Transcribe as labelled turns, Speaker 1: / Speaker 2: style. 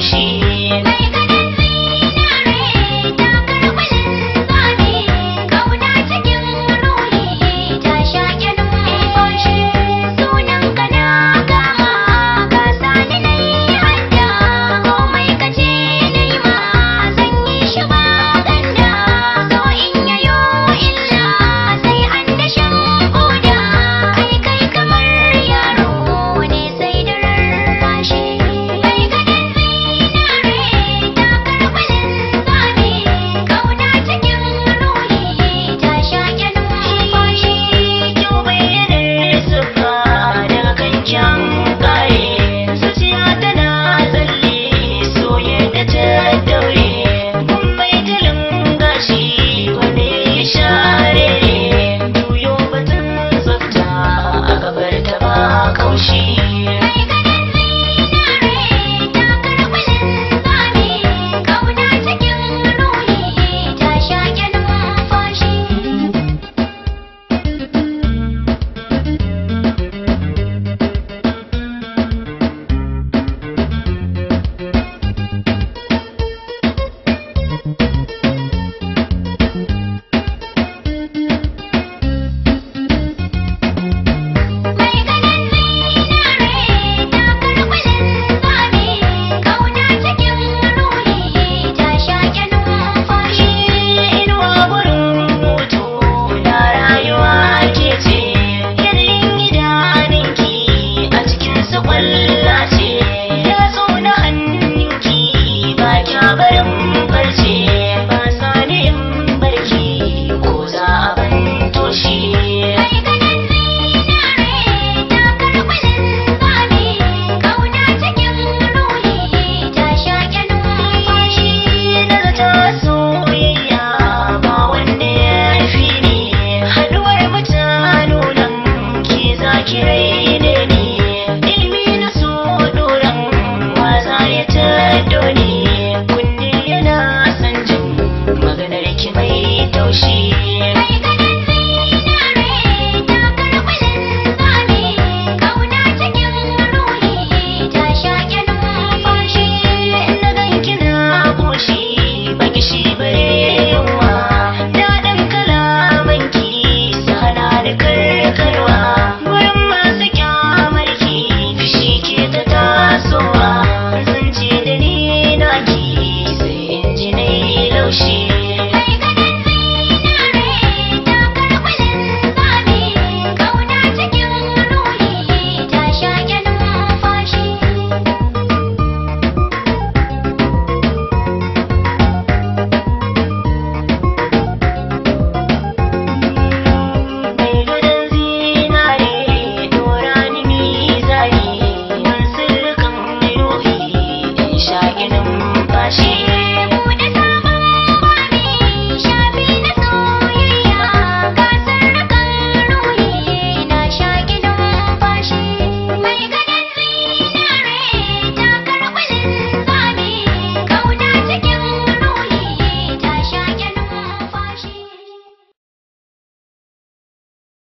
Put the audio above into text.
Speaker 1: She. She. machine.